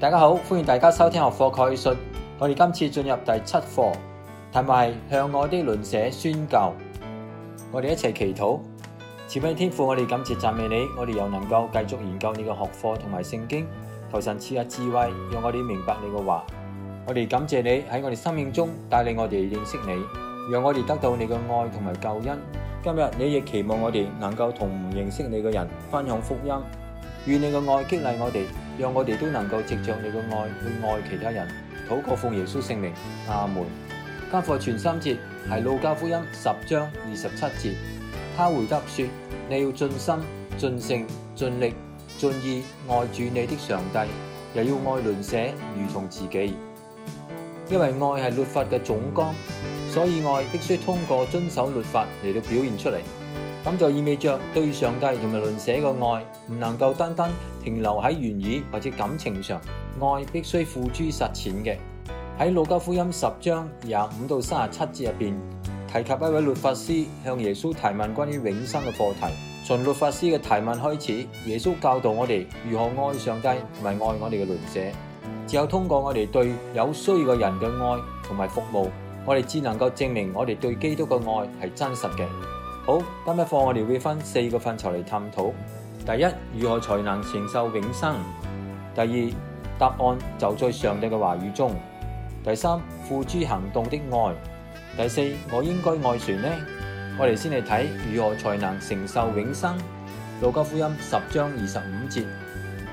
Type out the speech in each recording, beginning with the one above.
大家好，歡迎大家收聽學課概述。我哋今次進入第七課，題目係向我的鄰舍宣教。我哋一齊祈禱，慈悲天父，我哋感謝讚美你，我哋又能夠繼續研究你嘅學課同埋聖經。求神賜下智慧，讓我哋明白你嘅話。我哋感謝你喺我哋生命中帶領我哋認識你，讓我哋得到你嘅愛同埋救恩。今日你亦期望我哋能夠同唔認識你嘅人分享福音，願你嘅愛激勵我哋。讓我哋都能夠藉着你嘅愛去愛其他人。禱告奉耶穌聖名，阿門。家課全三節係《路加福音》十章二十七節。他回答說：你要盡心、盡性、盡力、盡意愛主你的上帝，又要愛鄰舍如同自己。因為愛係律法嘅總綱，所以愛必須通過遵守律法嚟到表現出嚟。咁就意味着對上帝同埋鄰舍嘅愛唔能夠單單停留喺言語或者感情上，愛必須付諸實踐嘅。喺《路加福音》十章廿五到三十七節入邊提及一位律法師向耶穌提問關於永生嘅課題，從律法師嘅提問開始，耶穌教導我哋如何愛上帝同埋愛我哋嘅鄰舍。只有通過我哋對有需要嘅人嘅愛同埋服務，我哋只能夠證明我哋對基督嘅愛係真實嘅。好，今日課我哋會分四個範疇嚟探討。第一，如何才能承受永生？第二，答案就在上帝嘅話語中。第三，付諸行動的愛。第四，我應該愛誰呢？我哋先嚟睇如何才能承受永生。路加福音十章二十五節，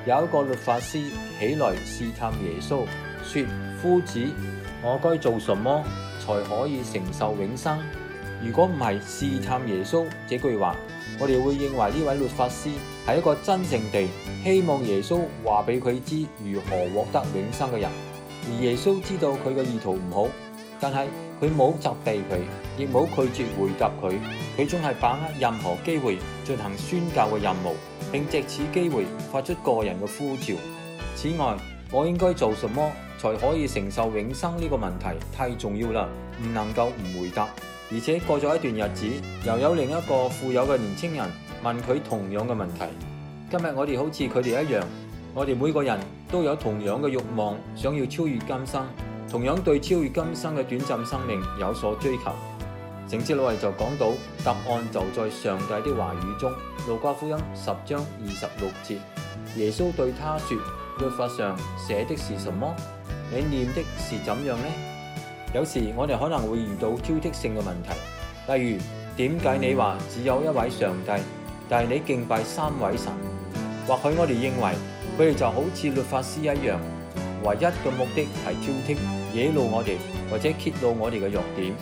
有一個律法師起來試探耶穌，說：「夫子，我該做什麼才可以承受永生？」如果唔係試探耶穌這句話，我哋會認為呢位律法師係一個真誠地希望耶穌話俾佢知如何獲得永生嘅人。而耶穌知道佢嘅意圖唔好，但係佢冇責備佢，亦冇拒絕回答佢。佢總係把握任何機會進行宣教嘅任務，並借此機會發出個人嘅呼召。此外，我應該做什麼才可以承受永生呢個問題太重要啦，唔能夠唔回答。而且過咗一段日子，又有另一個富有嘅年輕人問佢同樣嘅問題。今日我哋好似佢哋一樣，我哋每個人都有同樣嘅欲望，想要超越今生，同樣對超越今生嘅短暫生命有所追求。整節落嚟就講到，答案就在上帝的話語中，《路加福音》十章二十六節，耶穌對他說：律法上寫的是什麼？你念的是怎樣呢？有時我哋可能會遇到挑剔性嘅問題，例如，點解你話只有一位上帝，但係你敬拜三位神？或許我哋認為，佢哋就好似律法師一樣，唯一嘅目的係挑剔、惹怒我哋，或者揭露我哋嘅弱點。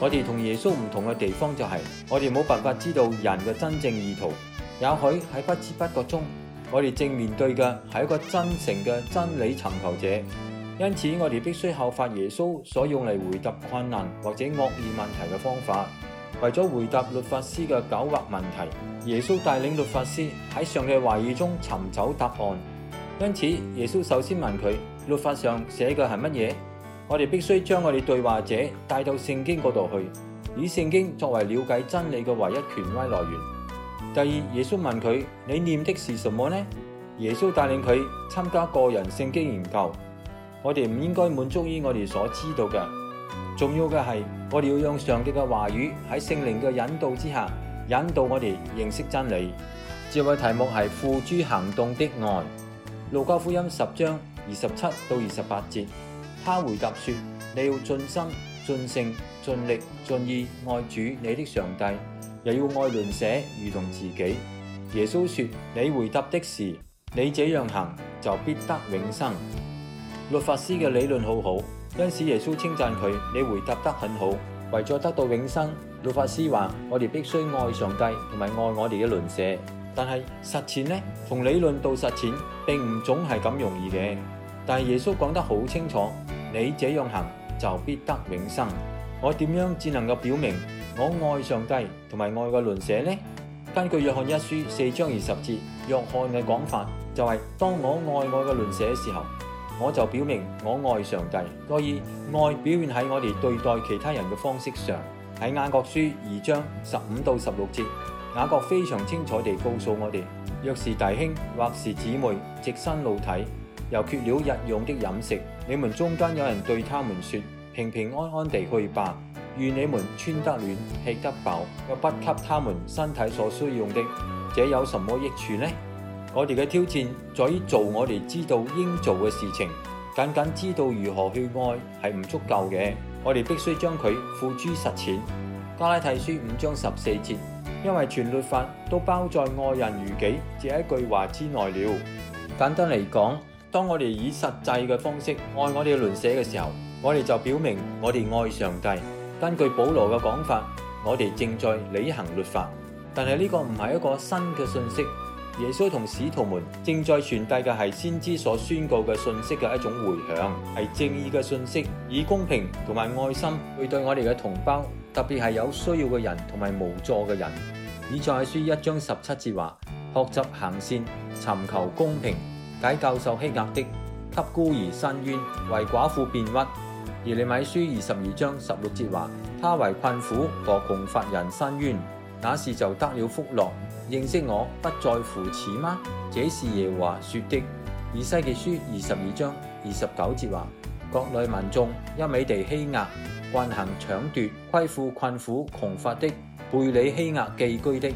我哋同耶穌唔同嘅地方就係，我哋冇辦法知道人嘅真正意圖。也許喺不知不覺中，我哋正面對嘅係一個真誠嘅真理尋求者。因此，我哋必須效法耶穌所用嚟回答困難或者惡意問題嘅方法，為咗回答律法師嘅狡猾問題，耶穌帶領律法師喺上嘅懷疑中尋找答案。因此，耶穌首先問佢律法上寫嘅係乜嘢？我哋必須將我哋對話者帶到聖經嗰度去，以聖經作為了解真理嘅唯一權威來源。第二，耶穌問佢你念的是什麼呢？耶穌帶領佢參加個人聖經研究。我哋唔應該滿足於我哋所知道嘅，重要嘅係我哋要用上帝嘅話語喺聖靈嘅引導之下引導我哋認識真理。節目題目係付諸行動的愛。路加福音十章二十七到二十八節，他回答說：你要盡心、盡性、盡力、盡意愛主你的上帝，又要愛鄰舍如同自己。耶穌說：你回答的是，你這樣行就必得永生。律法師嘅理論好好，因此耶穌稱讚佢：你回答得很好，為咗得到永生。律法師話：我哋必須愛上帝同埋愛我哋嘅鄰舍。但係實踐呢？從理論到實踐，並唔總係咁容易嘅。但係耶穌講得好清楚：你這樣行就必得永生。我點樣至能夠表明我愛上帝同埋愛我嘅鄰舍呢？根據約翰一書四章二十節，約翰嘅講法就係：當我愛我嘅鄰舍嘅時候。我就表明我愛上帝，所以愛表現喺我哋對待其他人嘅方式上。喺雅各書二章十五到十六節，雅各非常清楚地告訴我哋：若是弟兄或是姊妹，直身露體，又缺了日用的飲食，你們中間有人對他們說：平平安安地去吧，願你們穿得暖，吃得飽，又不給他們身體所需用的，這有什麼益處呢？我哋嘅挑戰在於做我哋知道應做嘅事情，僅僅知道如何去愛係唔足夠嘅。我哋必須將佢付諸實踐。加拉提書五章十四節，因為全律法都包在愛人如己這一句話之內了。簡單嚟講，當我哋以實際嘅方式愛我哋鄰舍嘅時候，我哋就表明我哋愛上帝。根據保羅嘅講法，我哋正在履行律法，但係呢個唔係一個新嘅信息。耶穌同使徒們正在傳遞嘅係先知所宣告嘅信息嘅一種回響，係正義嘅信息，以公平同埋愛心會對我哋嘅同胞，特別係有需要嘅人同埋無助嘅人。以賽書一章十七節話：學習行善，尋求公平，解救受欺壓的，給孤兒伸冤，為寡婦辯屈。而利米書二十二章十六節話：他為困苦和窮乏人伸冤，那時就得了福樂。認識我不在乎此嗎？這是耶和華說的。以西結書二十二章二十九節話：國內民眾一味地欺壓、慣行搶奪、虧負困苦、窮乏的背理欺壓寄居的。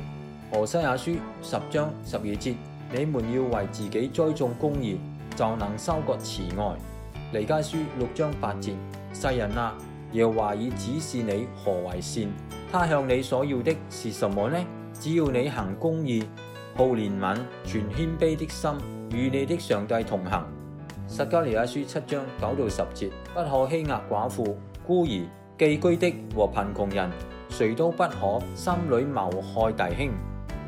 何西阿書十章十二節：你們要為自己栽種公義，就能收割慈愛。彌迦書六章八節：世人啊，耶和華已指示你何為善，他向你所要的是什麼呢？只要你行公義、好憐憫、全謙卑的心，與你的上帝同行。撒迦利亞書七章九到十節，不可欺壓寡婦、孤兒、寄居的和貧窮人，誰都不可心裏謀害弟兄。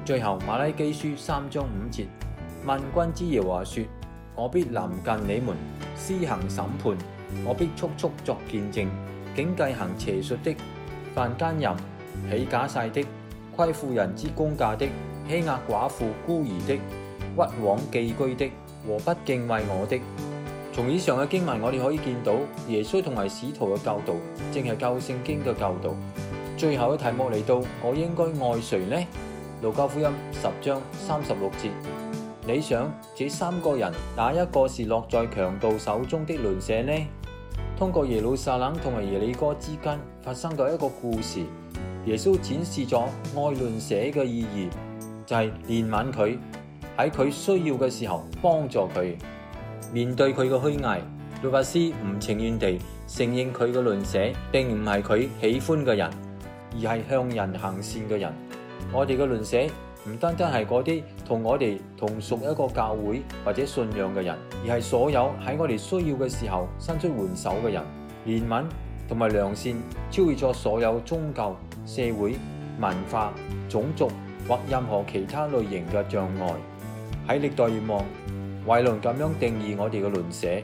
最後，馬拉基書三章五節，萬軍之耶和華說：我必臨近你們施行審判，我必速速作見證，警戒行邪術的、犯姦淫、起假誓的。虧負人之公價的，欺壓寡婦孤兒的，屈枉寄居的，和不敬畏我的。從以上嘅經文，我哋可以見到耶穌同埋使徒嘅教導，正係舊聖經嘅教導。最後一題目嚟到，我應該愛誰呢？路加福音十章三十六節。你想，這三個人哪一個是落在強盜手中的鄰舍呢？通過耶路撒冷同埋耶利哥之間發生嘅一個故事。耶穌展示咗愛論舍嘅意義，就係憐憫佢喺佢需要嘅時候幫助佢，面對佢嘅虛偽，律法師唔情願地承認佢嘅論舍，並唔係佢喜歡嘅人，而係向人行善嘅人。我哋嘅論舍唔單單係嗰啲同我哋同屬一個教會或者信仰嘅人，而係所有喺我哋需要嘅時候伸出援手嘅人。憐憫同埋良善超越咗所有宗教、社會、文化、種族或任何其他類型嘅障礙。喺歷代願望為論咁樣定義我哋嘅鄰舍，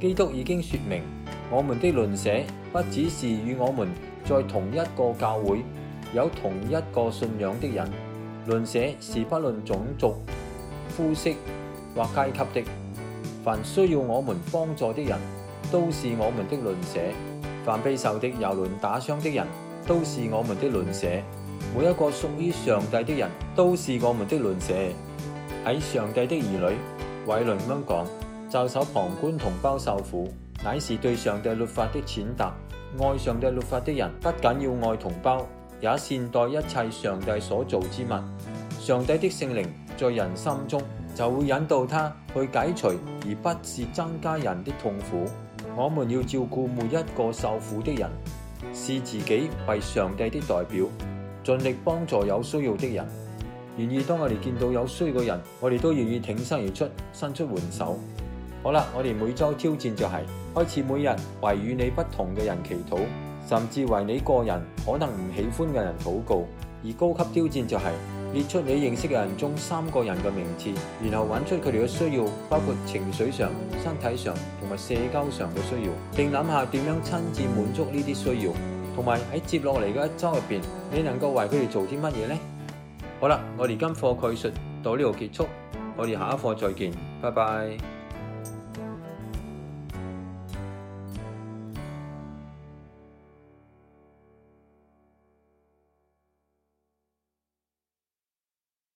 基督已經說明，我們的鄰舍不只是與我們在同一個教會、有同一個信仰的人。鄰舍是不論種族、膚色或階級的，凡需要我們幫助的人，都是我們的鄰舍。凡悲受的遊輪打傷的人，都是我們的鄰舍；每一個屬於上帝的人，都是我們的鄰舍。喺上帝的兒女，偉倫噉講袖手旁觀同胞受苦，乃是對上帝律法的踐踏。愛上帝律法的人，不僅要愛同胞，也善待一切上帝所造之物。上帝的聖靈在人心中，就會引導他去解除，而不是增加人的痛苦。我們要照顧每一個受苦的人，視自己為上帝的代表，盡力幫助有需要的人。願意當我哋見到有需要嘅人，我哋都願意挺身而出，伸出援手。好啦，我哋每周挑戰就係、是、開始，每日為與你不同嘅人祈禱，甚至為你個人可能唔喜歡嘅人禱告。而高級挑戰就係、是。列出你認識嘅人中三個人嘅名字，然後揾出佢哋嘅需要，包括情緒上、身體上同埋社交上嘅需要，並諗下點樣親自滿足呢啲需要，同埋喺接落嚟嘅一周入邊，你能夠為佢哋做啲乜嘢呢？好啦，我哋今課嘅敘述到呢度結束，我哋下一課再見，拜拜。